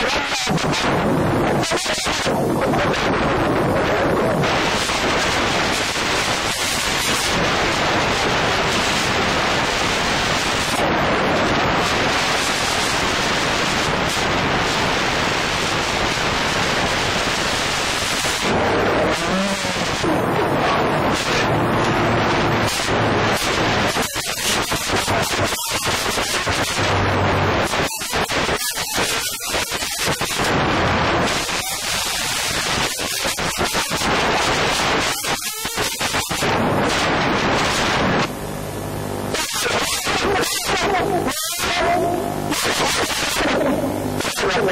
Yeah.